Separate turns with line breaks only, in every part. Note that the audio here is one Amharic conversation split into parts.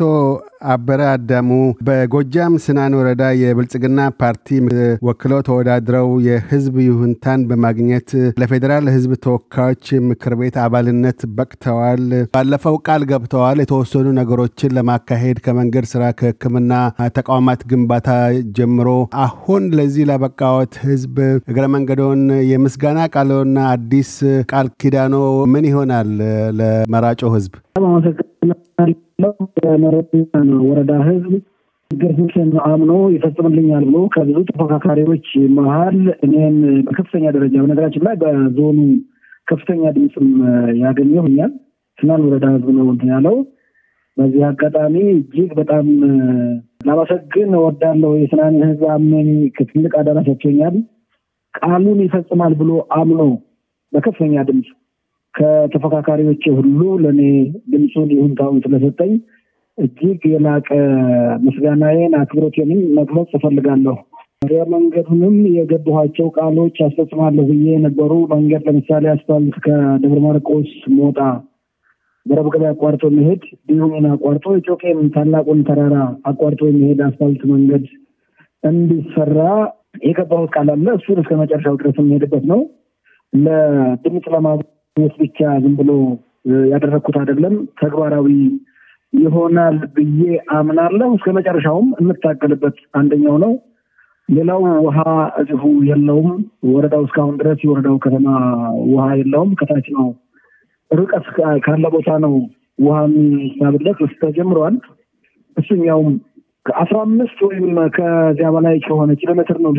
አቶ አበረ አዳሙ በጎጃም ስናን ወረዳ የብልጽግና ፓርቲ ወክለው ተወዳድረው የህዝብ ይሁንታን በማግኘት ለፌዴራል ህዝብ ተወካዮች ምክር ቤት አባልነት በቅተዋል። ባለፈው ቃል ገብተዋል። የተወሰኑ ነገሮችን ለማካሄድ ከመንገድ ስራ፣ ከህክምና ተቋማት ግንባታ ጀምሮ አሁን ለዚህ ለበቃወት ህዝብ እግረ መንገዶን የምስጋና ቃሎና አዲስ ቃል ኪዳኖ ምን ይሆናል ለመራጮ ህዝብ?
የመረጡ ወረዳ ህዝብ ችግሮችን አምኖ ይፈጽምልኛል ብሎ ከብዙ ተፎካካሪዎች መሀል እኔም በከፍተኛ ደረጃ በነገራችን ላይ በዞኑ ከፍተኛ ድምፅም ያገኘሁኛል ስናን ወረዳ ህዝብ ነው እንትን ያለው። በዚህ አጋጣሚ እጅግ በጣም ላመሰግን እወዳለሁ። የስናንን ህዝብ አመኝ ከትልቅ አደራ ቃሉን ይፈጽማል ብሎ አምኖ በከፍተኛ ድምፅ ከተፎካካሪዎች ሁሉ ለእኔ ድምፁን ይሁንታውን ስለሰጠኝ እጅግ የላቀ ምስጋናዬን አክብሮቴንም መግለጽ እፈልጋለሁ። መንገዱንም የገባኋቸው ቃሎች አስፈጽማለሁ ብዬ የነበሩ መንገድ ለምሳሌ አስፋልት ከደብረ ማርቆስ ሞጣ በረብ ገበያ አቋርጦ መሄድ፣ ቢሆኑን አቋርጦ ኢትዮጵያም ታላቁን ተራራ አቋርጦ የሚሄድ አስፋልት መንገድ እንዲሰራ የገባሁት ቃል አለ። እሱን እስከ መጨረሻው ድረስ የሚሄድበት ነው ለድምፅ ለማ ስ ብቻ ዝም ብሎ ያደረግኩት አይደለም። ተግባራዊ ይሆናል ብዬ አምናለሁ። እስከ መጨረሻውም የምታገልበት አንደኛው ነው። ሌላው ውሃ እዚሁ የለውም። ወረዳው እስካሁን ድረስ የወረዳው ከተማ ውሃ የለውም። ከታች ነው ርቀት ካለ ቦታ ነው ውሃ የሚሳብለት እሱ ተጀምሯል። እሱኛውም ከአስራ አምስት ወይም ከዚያ በላይ ከሆነ ኪሎ ሜትር ነው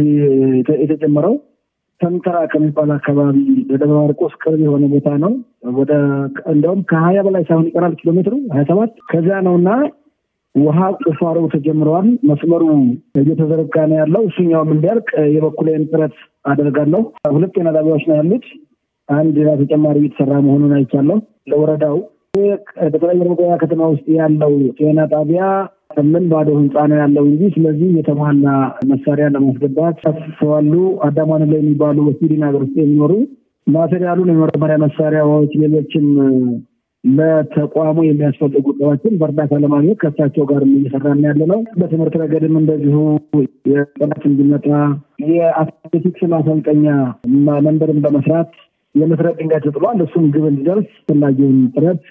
የተጀመረው። ሰንተራ ከሚባል አካባቢ ለደብረ ማርቆስ ቅርብ የሆነ ቦታ ነው። ወደ እንደውም ከሀያ በላይ ሳይሆን ይቀራል ኪሎ ሜትሩ ሀያ ሰባት ከዚያ ነው እና ውሃ ቁፋሮ ተጀምረዋል። መስመሩ እየተዘረጋ ነው ያለው። እሱኛውም እንዲያልቅ የበኩሌን ጥረት አደርጋለሁ። ሁለት ጤና ጣቢያዎች ነው ያሉት። አንድ ሌላ ተጨማሪ እየተሰራ መሆኑን አይቻለሁ። ለወረዳው በተለያየ ገበያ ከተማ ውስጥ ያለው ጤና ጣቢያ ስምንት ባዶ ህንፃ ነው ያለው እንጂ ስለዚህ የተሟላ መሳሪያ ለማስገባት ሰፍሰዋሉ። አዳማን ላይ የሚባሉ በስዊድን ሀገር ውስጥ የሚኖሩ ማቴሪያሉን የመረመሪያ መሳሪያዎች፣ ሌሎችም ለተቋሙ የሚያስፈልጉ ጉዳዮችን በእርዳታ ለማግኘት ከእሳቸው ጋር እየሰራን ያለ ነው። በትምህርት ረገድም እንደዚሁ የጠናት እንዲመጣ የአትሌቲክስ ማሰልጠኛ መንበርን በመስራት የመሰረት ድንጋይ ተጥሏል። እሱም ግብ እንዲደርስ አስፈላጊውን ጥረት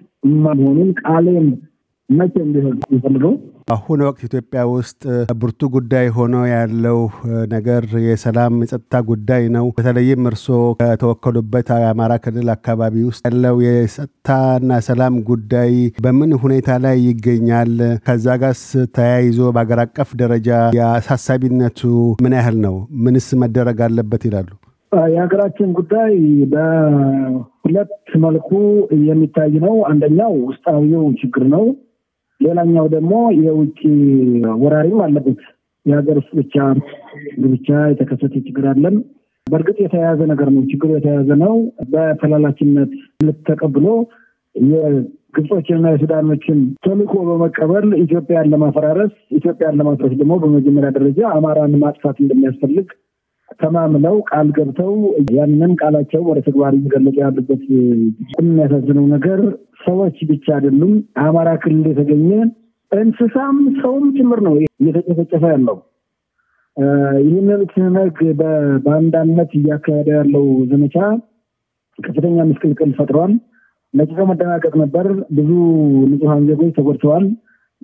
መሆኑን ቃሌን መቼ እንዲሆን ይፈልገው
አሁን ወቅት ኢትዮጵያ ውስጥ ብርቱ ጉዳይ ሆኖ ያለው ነገር የሰላም የጸጥታ ጉዳይ ነው። በተለይም እርስዎ ከተወከሉበት የአማራ ክልል አካባቢ ውስጥ ያለው የጸጥታና ሰላም ጉዳይ በምን ሁኔታ ላይ ይገኛል? ከዛ ጋስ ተያይዞ በአገር አቀፍ ደረጃ የአሳሳቢነቱ ምን ያህል ነው? ምንስ መደረግ አለበት ይላሉ?
የሀገራችን ጉዳይ በሁለት መልኩ የሚታይ ነው። አንደኛው ውስጣዊው ችግር ነው። ሌላኛው ደግሞ የውጭ ወራሪም አለበት። የሀገር ውስጥ ብቻ ብቻ የተከሰተ ችግር አለም። በእርግጥ የተያያዘ ነገር ነው። ችግሩ የተያያዘ ነው። በተላላኪነት ተቀብሎ የግብጾችንና የሱዳኖችን ተልእኮ በመቀበል ኢትዮጵያን ለማፈራረስ ኢትዮጵያን ለማፍረስ ደግሞ በመጀመሪያ ደረጃ አማራን ማጥፋት እንደሚያስፈልግ ተማምለው ቃል ገብተው ያንን ቃላቸው ወደ ተግባር እየገለጡ ያሉበት የሚያሳዝነው ነገር ሰዎች ብቻ አይደሉም። አማራ ክልል የተገኘ እንስሳም ሰውም ጭምር ነው እየተጨፈጨፈ ያለው። ይህንን ትነግ በአንዳነት እያካሄደ ያለው ዘመቻ ከፍተኛ ምስቅልቅል ፈጥሯል። ለጊዜው መደናቀቅ ነበር። ብዙ ንጹሐን ዜጎች ተጎድተዋል።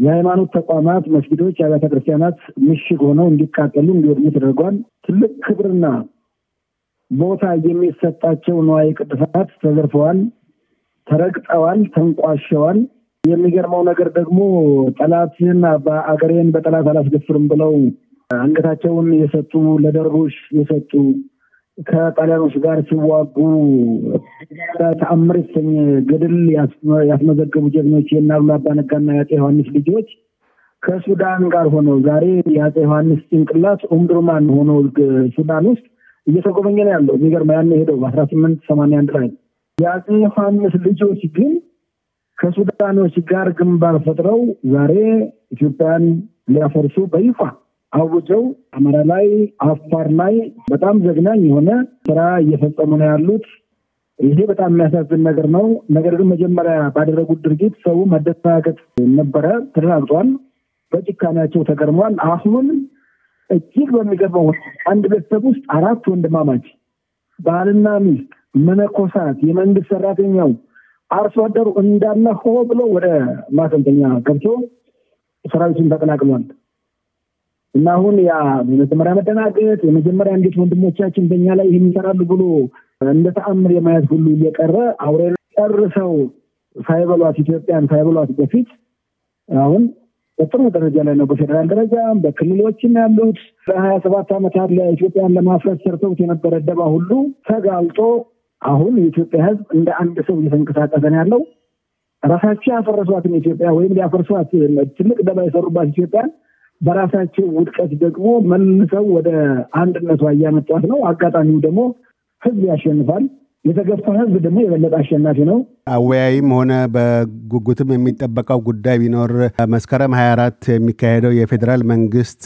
የሃይማኖት ተቋማት፣ መስጊዶች፣ አብያተ ክርስቲያናት ምሽግ ሆነው እንዲቃጠሉ እንዲወድሙ ተደርጓል። ትልቅ ክብርና ቦታ የሚሰጣቸው ንዋየ ቅድሳት ተዘርፈዋል፣ ተረግጠዋል፣ ተንቋሸዋል። የሚገርመው ነገር ደግሞ ጠላትን አገሬን በጠላት አላስደፍርም ብለው አንገታቸውን የሰጡ ለደርቦሽ የሰጡ ከጣሊያኖች ጋር ሲዋጉ ተአምር ስኝ ገድል ያስመዘገቡ ጀግኖች የእነ አባነጋና የአጼ ዮሐንስ ልጆች ከሱዳን ጋር ሆነው ዛሬ የአጼ ዮሐንስ ጭንቅላት ኡምድርማን ሆኖ ሱዳን ውስጥ እየተጎበኘ ነው ያለው። የሚገርማ ያን ሄደው በአስራ ስምንት ሰማንያ አንድ ላይ የአጼ ዮሐንስ ልጆች ግን ከሱዳኖች ጋር ግንባር ፈጥረው ዛሬ ኢትዮጵያን ሊያፈርሱ በይፋ አውጀው አማራ ላይ፣ አፋር ላይ በጣም ዘግናኝ የሆነ ስራ እየፈጸሙ ነው ያሉት። ይሄ በጣም የሚያሳዝን ነገር ነው። ነገር ግን መጀመሪያ ባደረጉት ድርጊት ሰው መደናገጥ ነበረ። ተደናግጧል። በጭካኔያቸው ተገርሟል። አሁን እጅግ በሚገርመው አንድ ቤተሰብ ውስጥ አራት ወንድማማች ባልና ሚስት፣ መነኮሳት፣ የመንግስት ሰራተኛው፣ አርሶ አደሩ እንዳለ ሆ ብሎ ወደ ማሰልጠኛ ገብቶ ሰራዊቱን ተቀላቅሏል። እና አሁን ያ የመጀመሪያ መደናገጥ የመጀመሪያ እንዴት ወንድሞቻችን በኛ ላይ ይህን ይሰራሉ ብሎ እንደ ተአምር የማየት ሁሉ እየቀረ አውሬ ጨርሰው ሳይበሏት ኢትዮጵያን ሳይበሏት በፊት አሁን በጥሩ ደረጃ ላይ ነው። በፌዴራል ደረጃም በክልሎችም ያሉት ለሀያ ሰባት ዓመታት ለኢትዮጵያን ለማፍረስ ሰርተውት የነበረ ደባ ሁሉ ተጋልጦ አሁን የኢትዮጵያ ሕዝብ እንደ አንድ ሰው እየተንቀሳቀሰ ነው ያለው። ራሳቸው ያፈረሷትን ኢትዮጵያ ወይም ሊያፈርሷት ትልቅ ደባ የሰሩባት ኢትዮጵያን በራሳቸው ውድቀት ደግሞ መልሰው ወደ አንድነቷ እያመጧት ነው። አጋጣሚው ደግሞ ህዝብ ያሸንፋል። የተገፋ ህዝብ ደግሞ የበለጠ አሸናፊ ነው።
አወያይም ሆነ በጉጉትም የሚጠበቀው ጉዳይ ቢኖር መስከረም 24 የሚካሄደው የፌዴራል መንግስት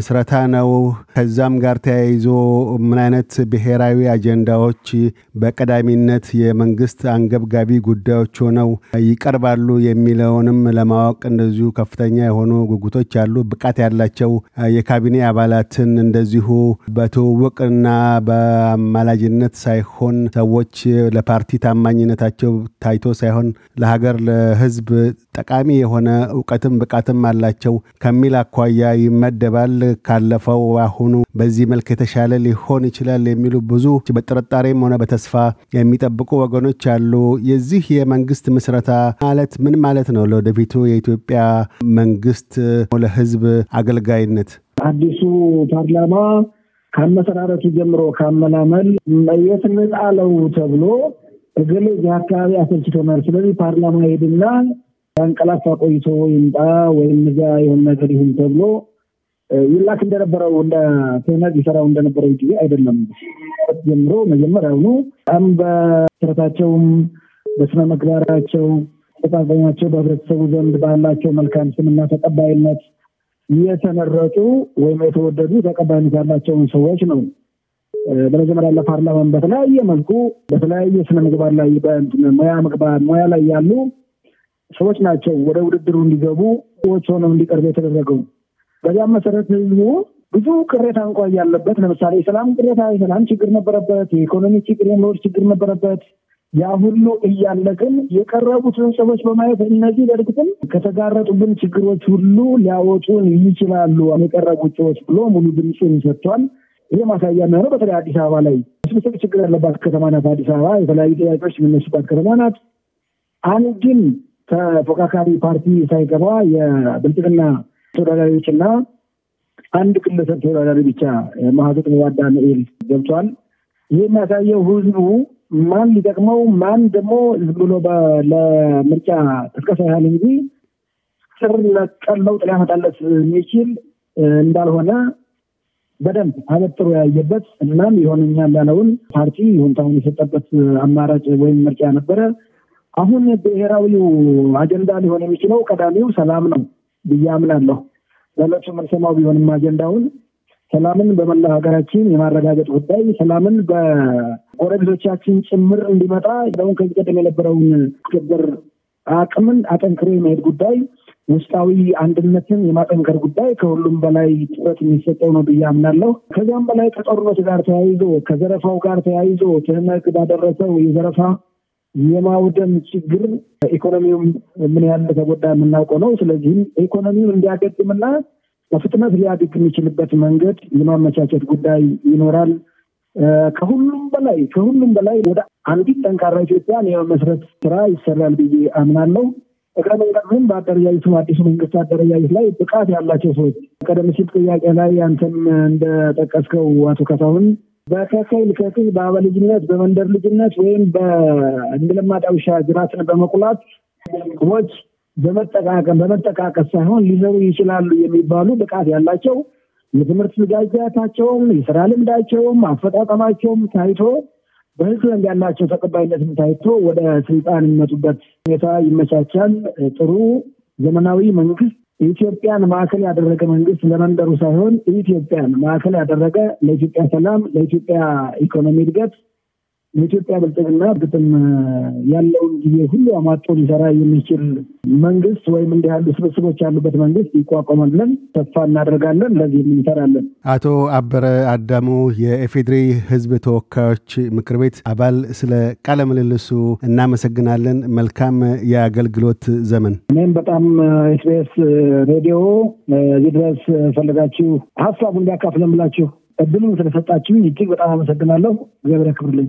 ምስረታ ነው። ከዛም ጋር ተያይዞ ምን አይነት ብሔራዊ አጀንዳዎች በቀዳሚነት የመንግስት አንገብጋቢ ጉዳዮች ሆነው ይቀርባሉ የሚለውንም ለማወቅ እንደዚሁ ከፍተኛ የሆኑ ጉጉቶች አሉ። ብቃት ያላቸው የካቢኔ አባላትን እንደዚሁ በትውውቅና በአማላጅነት ሳይሆን ሰዎ ሰዎች ለፓርቲ ታማኝነታቸው ታይቶ ሳይሆን ለሀገር፣ ለህዝብ ጠቃሚ የሆነ እውቀትም ብቃትም አላቸው ከሚል አኳያ ይመደባል። ካለፈው አሁኑ በዚህ መልክ የተሻለ ሊሆን ይችላል የሚሉ ብዙ በጥርጣሬም ሆነ በተስፋ የሚጠብቁ ወገኖች አሉ። የዚህ የመንግስት ምስረታ ማለት ምን ማለት ነው? ለወደፊቱ የኢትዮጵያ መንግስት ለህዝብ አገልጋይነት
አዲሱ ፓርላማ ከአመሰራረቱ ጀምሮ ከአመላመል የት ጣለው ተብሎ እግል እዚህ አካባቢ አሰልችቶናል፣ ስለዚህ ፓርላማ ሄድና ያንቀላፋ ቆይቶ ይምጣ ወይም እዛ የሆነ ነገር ይሁን ተብሎ ይላክ እንደነበረው እንደ ትህነት ይሰራው እንደነበረው ጊዜ አይደለም። ጀምሮ መጀመሪያውኑ በጣም በስረታቸውም በስነ ምግባራቸው ተጣጣኛቸው በህብረተሰቡ ዘንድ ባላቸው መልካም ስምና ተቀባይነት የተመረጡ ወይም የተወደዱ ተቀባይነት ያላቸውን ሰዎች ነው። በመጀመሪያ ለፓርላማን በተለያየ መልኩ በተለያየ ስነ ምግባር ላይ ሙያ ምግባር ሙያ ላይ ያሉ ሰዎች ናቸው ወደ ውድድሩ እንዲገቡ ዎች ሆነው እንዲቀርቡ የተደረገው። በዚያም መሰረት ህዝቡ ብዙ ቅሬታ እንኳ ያለበት ለምሳሌ የሰላም ቅሬታ የሰላም ችግር ነበረበት፣ የኢኮኖሚ ችግር የመኖር ችግር ነበረበት ያ ሁሉ እያለ ግን የቀረቡትን ጽሑፎች በማየት እነዚህ በእርግጥም ከተጋረጡብን ችግሮች ሁሉ ሊያወጡን ይችላሉ የቀረቡት ጽሑፎች ብሎ ሙሉ ድምፁን ሰጥቷል። ይህ ማሳያ የሚሆነው በተለይ አዲስ አበባ ላይ ስብስብ ችግር ያለባት ከተማ ናት። አዲስ አበባ የተለያዩ ጥያቄዎች የሚነሱባት ከተማ ናት። አንድም ተፎካካሪ ፓርቲ ሳይገባ የብልጽግና ተወዳዳሪዎችና አንድ ግለሰብ ተወዳዳሪ ብቻ ማህዘጥ ዋዳ ንኤል ገብቷል። ይህ የሚያሳየው ህዝቡ ማን ሊጠቅመው ማን ደግሞ ዝም ብሎ ለምርጫ ቅስቀሳ ያህል እንጂ ስር ነቀል ለውጥ ሊያመጣለት የሚችል እንዳልሆነ በደንብ አበጥሮ ያየበት እናም ይሆነኛል ያለውን ፓርቲ ይሁንታውን የሰጠበት አማራጭ ወይም ምርጫ ነበረ። አሁን ብሔራዊው አጀንዳ ሊሆን የሚችለው ቀዳሚው ሰላም ነው ብዬ አምናለሁ። በዕለቱ ቢሆንም አጀንዳውን ሰላምን በመላ ሀገራችን የማረጋገጥ ጉዳይ ሰላምን ጎረቤቶቻችን ጭምር እንዲመጣ ደሁን ከዚህ ቀደም የነበረውን ክብር አቅምን አጠንክሮ የመሄድ ጉዳይ፣ ውስጣዊ አንድነትን የማጠንከር ጉዳይ ከሁሉም በላይ ትኩረት የሚሰጠው ነው ብዬ አምናለሁ። ከዚያም በላይ ከጦርነት ጋር ተያይዞ ከዘረፋው ጋር ተያይዞ ትህነግ ባደረሰው የዘረፋ የማውደም ችግር ኢኮኖሚውም ምን ያለ ተጎዳ የምናውቀው ነው። ስለዚህም ኢኮኖሚው እንዲያገግምና በፍጥነት ሊያድግ የሚችልበት መንገድ የማመቻቸት ጉዳይ ይኖራል። ከሁሉም በላይ ከሁሉም በላይ ወደ አንዲት ጠንካራ ኢትዮጵያን የመመስረት ስራ ይሰራል ብዬ አምናለሁ። እግረ መንገድም በአደረጃጀቱ አዲሱ መንግስት አደረጃጀት ላይ ብቃት ያላቸው ሰዎች ቀደም ሲል ጥያቄ ላይ አንተም እንደጠቀስከው አቶ ከሳሁን በከከይ ልከክይ በአበ ልጅነት በመንደር ልጅነት ወይም በእንድለማዳ ውሻ ጅራትን በመቁላት ሰዎች በመጠቃቀም በመጠቃቀስ ሳይሆን ሊሰሩ ይችላሉ የሚባሉ ብቃት ያላቸው የትምህርት ዝግጅታቸውም የስራ ልምዳቸውም አፈጣጠማቸውም ታይቶ በህዝብ ዘንድ ያላቸው ተቀባይነትም ታይቶ ወደ ስልጣን የሚመጡበት ሁኔታ ይመቻቻል። ጥሩ ዘመናዊ መንግስት ኢትዮጵያን ማዕከል ያደረገ መንግስት ለመንደሩ ሳይሆን ኢትዮጵያን ማዕከል ያደረገ ለኢትዮጵያ ሰላም፣ ለኢትዮጵያ ኢኮኖሚ እድገት የኢትዮጵያ ብልጽግና ግጥም ያለውን ጊዜ ሁሉ አማጦ ሊሰራ የሚችል መንግስት ወይም እንዲህ ያሉ ስብስቦች ያሉበት መንግስት ይቋቋማል ብለን ተስፋ እናደርጋለን። ለዚህም እንሰራለን።
አቶ አበረ አዳሙ የኢፌዴሪ ሕዝብ ተወካዮች ምክር ቤት አባል፣ ስለ ቃለ ምልልሱ እናመሰግናለን። መልካም የአገልግሎት ዘመን።
እኔም በጣም ኤስቢኤስ ሬዲዮ እዚህ ድረስ ፈልጋችሁ ሀሳቡ እንዲያካፍለን ብላችሁ እድሉን ስለሰጣችሁ እጅግ በጣም አመሰግናለሁ። እግዚአብሔር ያክብርልኝ።